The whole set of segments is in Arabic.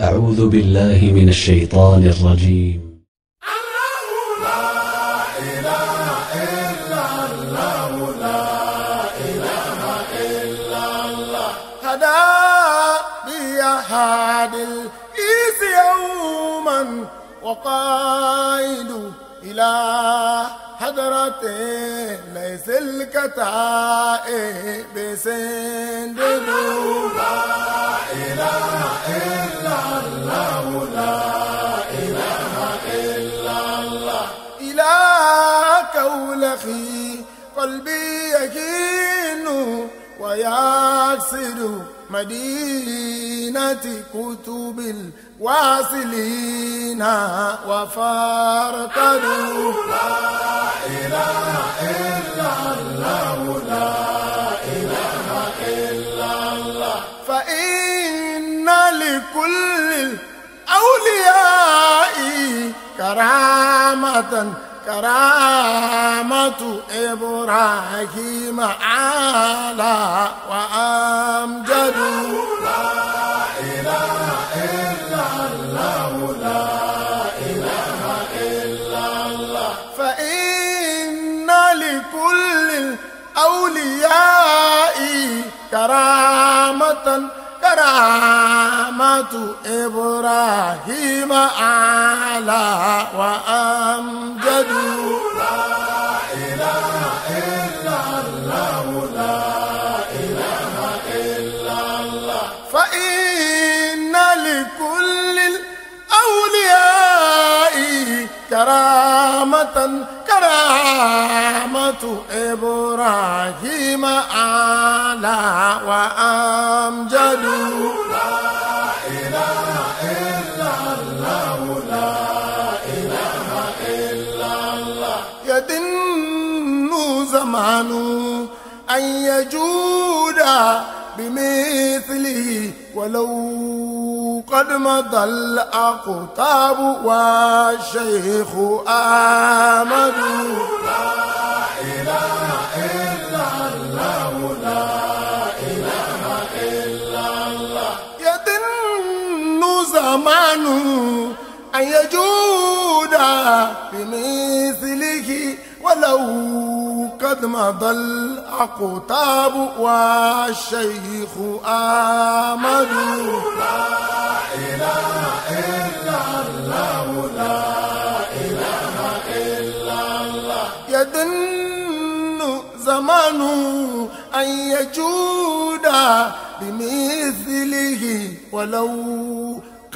أعوذ بالله من الشيطان الرجيم لا إله إلا الله لا إله إلا الله هاد يوما وقائد إلى حضرة ليس الكتائب سندلولا مدينة كتب الواصلين وفارقدوا لا إله إلا الله لا إله إلا الله فإن لكل الأولياء كرامة كرامة إبراهيم على وأمجد لا إله إلا الله لا إله إلا الله فإن لكل الأولياء كرامة كرامة إبراهيم على وأمجد كرامة كرامة إبراهيم أعلى وأمجد لا إله إلا الله لا إله إلا الله يدن زمان أن يجود بمثله ولو قد مضى الأقطاب والشيخ آمد لا إله إلا الله لا إله إلا الله يدن زمان أن يجود بمثله ولو قد مضى عقوتاب والشيخ آمن لا إله إلا الله لا إله إلا الله يدن زمان أن يجود بمثله ولو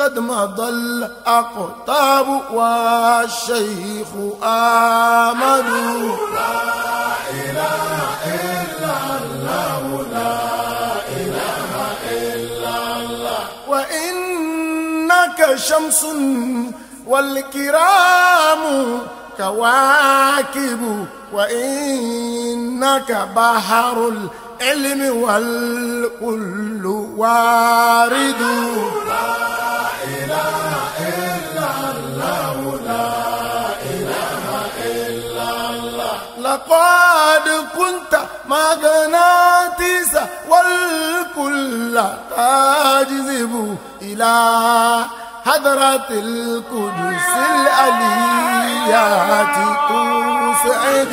قد مضى الأقطاب والشيخ آمن لا شمس والكرام كواكب وإنك بحر العلم والكل وارد لا إله إلا الله لا إله إلا الله لقد كنت مغناطيس والكل تجذب إلى حضرة القدس الأليات تسعد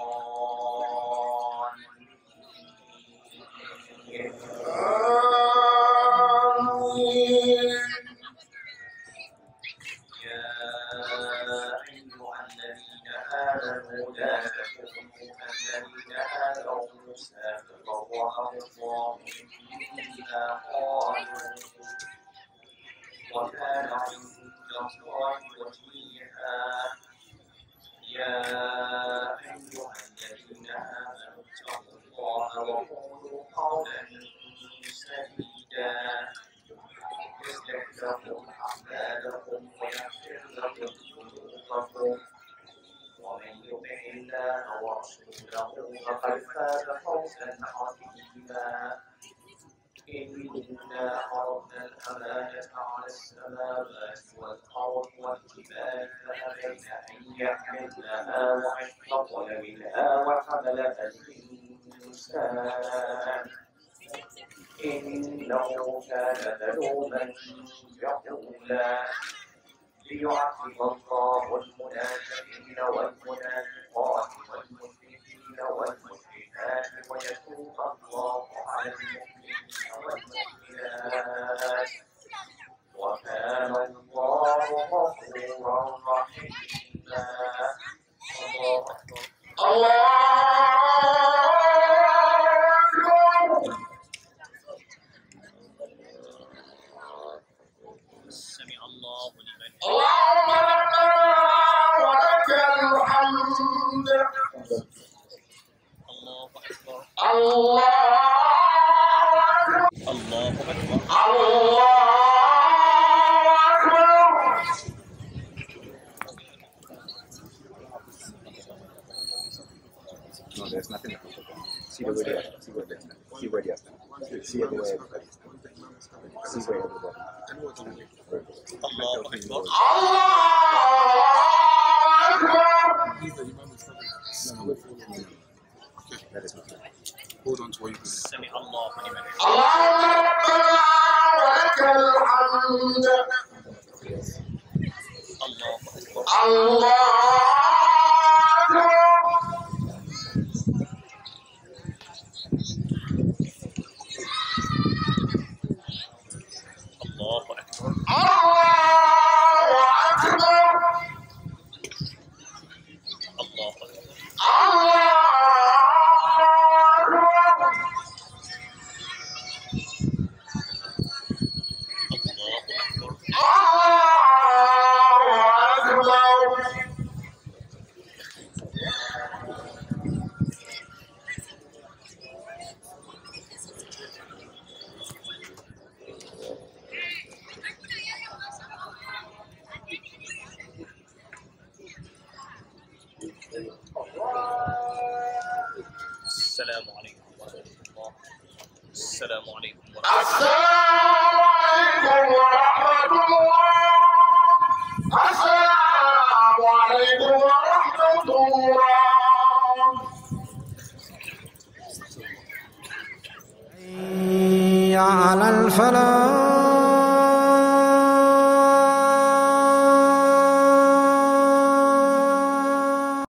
العلم أن الذين آمنوا لا تكونوا كالذين آذوا موسى فبرأه الله مما قالوا وكان عند الله وجيها يا إلا وعشره فوزا عظيما إنا عرضنا الأمانة على السماوات والأرض والجبال فأبين أن يحملنها وأشفقن منها وحملها الإنسان إنه كان ذنوبا جهولا ليعذب الله المنافقين والمنافقين law, what you think you know, what see everywhere. See where everywhere. Akbar. Akbar. Hold on to what you believe. Allah Akbar. Allah Akbar. Allah والسلام عليكم السلام عليكم ورحمة الله السلام عليكم ورحمة الله على الفلاح